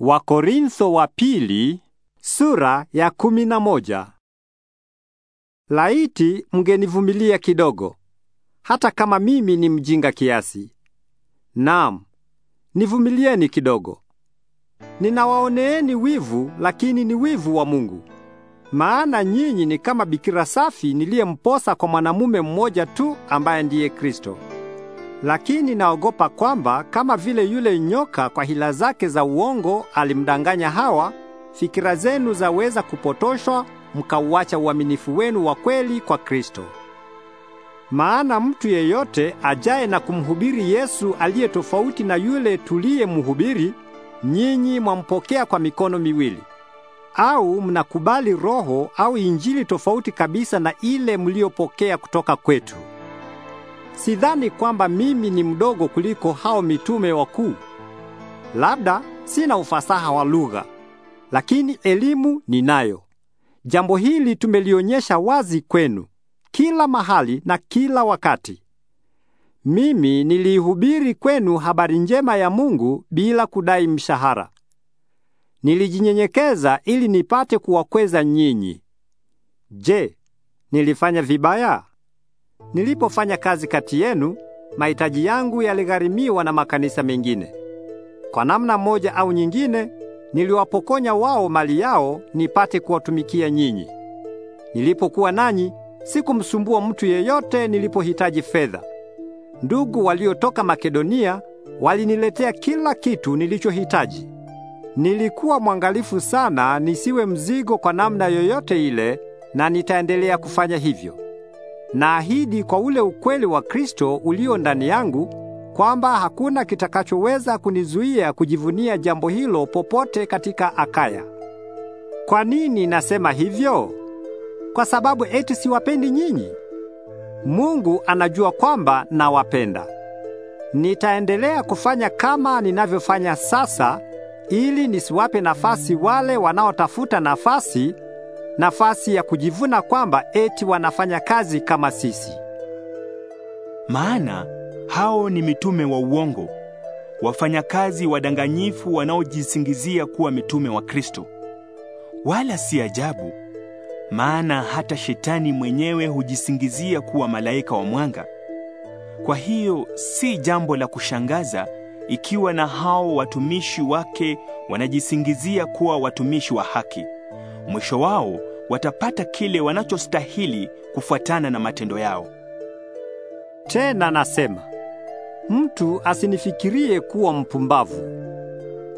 Wakorintho wa pili sura ya kumi na moja. Laiti mngenivumilia kidogo, hata kama mimi ni mjinga kiasi. Naam, nivumilieni kidogo. Ninawaoneeni wivu, lakini ni wivu wa Mungu. Maana nyinyi ni kama bikira safi niliyemposa kwa mwanamume mmoja tu ambaye ndiye Kristo. Lakini naogopa kwamba kama vile yule nyoka kwa hila zake za uongo alimdanganya Hawa, fikira zenu zaweza kupotoshwa mkauacha uaminifu wenu wa kweli kwa Kristo. Maana mtu yeyote ajaye na kumhubiri Yesu aliye tofauti na yule tuliyemhubiri, nyinyi mwampokea kwa mikono miwili. Au mnakubali roho au injili tofauti kabisa na ile mliyopokea kutoka kwetu. Sidhani kwamba mimi ni mdogo kuliko hao mitume wakuu. Labda sina ufasaha wa lugha, lakini elimu ninayo. Jambo hili tumelionyesha wazi kwenu kila mahali na kila wakati. Mimi nilihubiri kwenu habari njema ya Mungu bila kudai mshahara. Nilijinyenyekeza ili nipate kuwakweza nyinyi. Je, nilifanya vibaya? Nilipofanya kazi kati yenu, mahitaji yangu yaligharimiwa na makanisa mengine. Kwa namna moja au nyingine, niliwapokonya wao mali yao nipate kuwatumikia nyinyi. Nilipokuwa nanyi, sikumsumbua mtu yeyote nilipohitaji fedha. Ndugu waliotoka Makedonia waliniletea kila kitu nilichohitaji. Nilikuwa mwangalifu sana nisiwe mzigo kwa namna yoyote ile na nitaendelea kufanya hivyo naahidi kwa ule ukweli wa Kristo ulio ndani yangu kwamba hakuna kitakachoweza kunizuia kujivunia jambo hilo popote katika Akaya. Kwa nini nasema hivyo? Kwa sababu eti siwapendi nyinyi? Mungu anajua kwamba nawapenda. Nitaendelea kufanya kama ninavyofanya sasa ili nisiwape nafasi wale wanaotafuta nafasi nafasi ya kujivuna kwamba eti wanafanya kazi kama sisi. Maana hao ni mitume wa uongo, wafanyakazi wadanganyifu wanaojisingizia kuwa mitume wa Kristo. Wala si ajabu, maana hata shetani mwenyewe hujisingizia kuwa malaika wa mwanga. Kwa hiyo si jambo la kushangaza ikiwa na hao watumishi wake wanajisingizia kuwa watumishi wa haki mwisho wao watapata kile wanachostahili kufuatana na matendo yao. Tena nasema, mtu asinifikirie kuwa mpumbavu,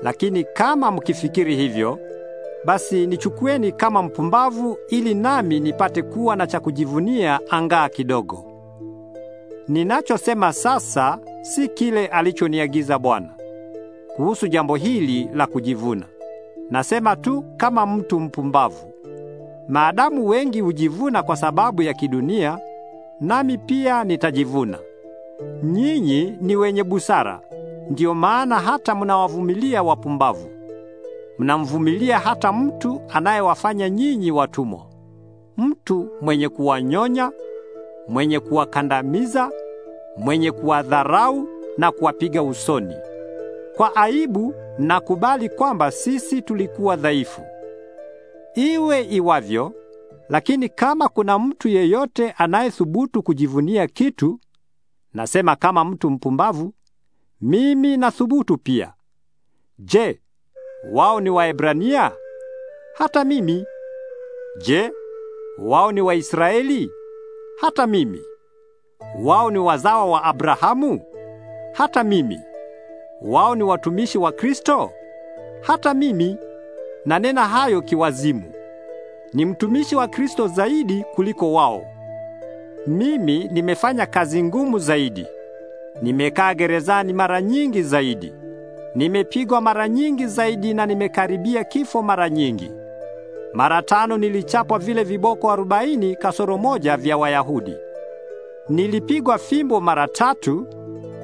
lakini kama mkifikiri hivyo, basi nichukueni kama mpumbavu ili nami nipate kuwa na cha kujivunia angaa kidogo. Ninachosema sasa si kile alichoniagiza Bwana kuhusu jambo hili la kujivuna. Nasema tu kama mtu mpumbavu. Maadamu wengi hujivuna kwa sababu ya kidunia, nami pia nitajivuna. Nyinyi ni wenye busara, ndiyo maana hata mnawavumilia wapumbavu. Mnamvumilia hata mtu anayewafanya nyinyi watumwa, mtu mwenye kuwanyonya, mwenye kuwakandamiza, mwenye kuwadharau na kuwapiga usoni. Kwa aibu nakubali kwamba sisi tulikuwa dhaifu. Iwe iwavyo, lakini kama kuna mtu yeyote anayethubutu kujivunia kitu, nasema kama mtu mpumbavu, mimi nathubutu pia. Je, wao ni Waebrania? Hata mimi. Je, wao ni Waisraeli? Hata mimi. Wao ni wazawa wa Abrahamu? Hata mimi wao ni watumishi wa Kristo? Hata mimi nanena hayo kiwazimu. Ni mtumishi wa Kristo zaidi kuliko wao. Mimi nimefanya kazi ngumu zaidi. Nimekaa gerezani mara nyingi zaidi. Nimepigwa mara nyingi zaidi na nimekaribia kifo mara nyingi. Mara tano nilichapwa vile viboko arobaini kasoro moja vya Wayahudi. Nilipigwa fimbo mara tatu,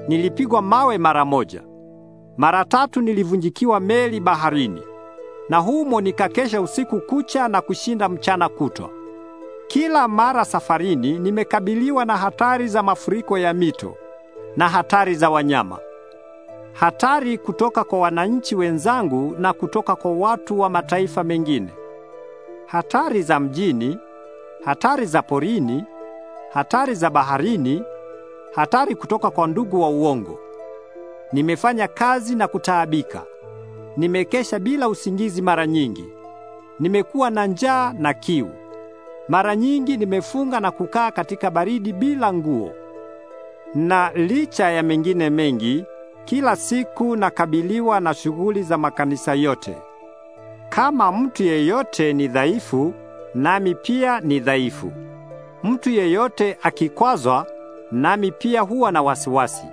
nilipigwa mawe mara moja. Mara tatu nilivunjikiwa meli baharini, na humo nikakesha usiku kucha na kushinda mchana kutwa. Kila mara safarini nimekabiliwa na hatari za mafuriko ya mito na hatari za wanyama, hatari kutoka kwa wananchi wenzangu na kutoka kwa watu wa mataifa mengine, hatari za mjini, hatari za porini, hatari za baharini, hatari kutoka kwa ndugu wa uongo. Nimefanya kazi na kutaabika. Nimekesha bila usingizi mara nyingi. Nimekuwa na njaa na kiu. Mara nyingi nimefunga na kukaa katika baridi bila nguo. Na licha ya mengine mengi, kila siku nakabiliwa na shughuli za makanisa yote. Kama mtu yeyote ni dhaifu, nami pia ni dhaifu. Mtu yeyote akikwazwa, nami pia huwa na wasiwasi.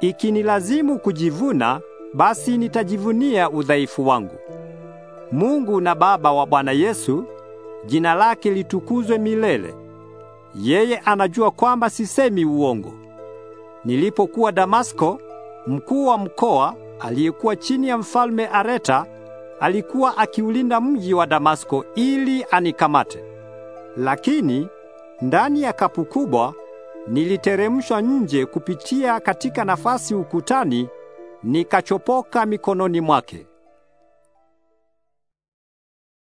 Ikinilazimu kujivuna, basi nitajivunia udhaifu wangu. Mungu na Baba wa Bwana Yesu, jina lake litukuzwe milele. Yeye anajua kwamba sisemi uongo. Nilipokuwa Damasko, mkuu wa mkoa aliyekuwa chini ya mfalme Areta alikuwa akiulinda mji wa Damasko ili anikamate. Lakini ndani ya kapu kubwa niliteremshwa nje kupitia katika nafasi ukutani, nikachopoka mikononi mwake.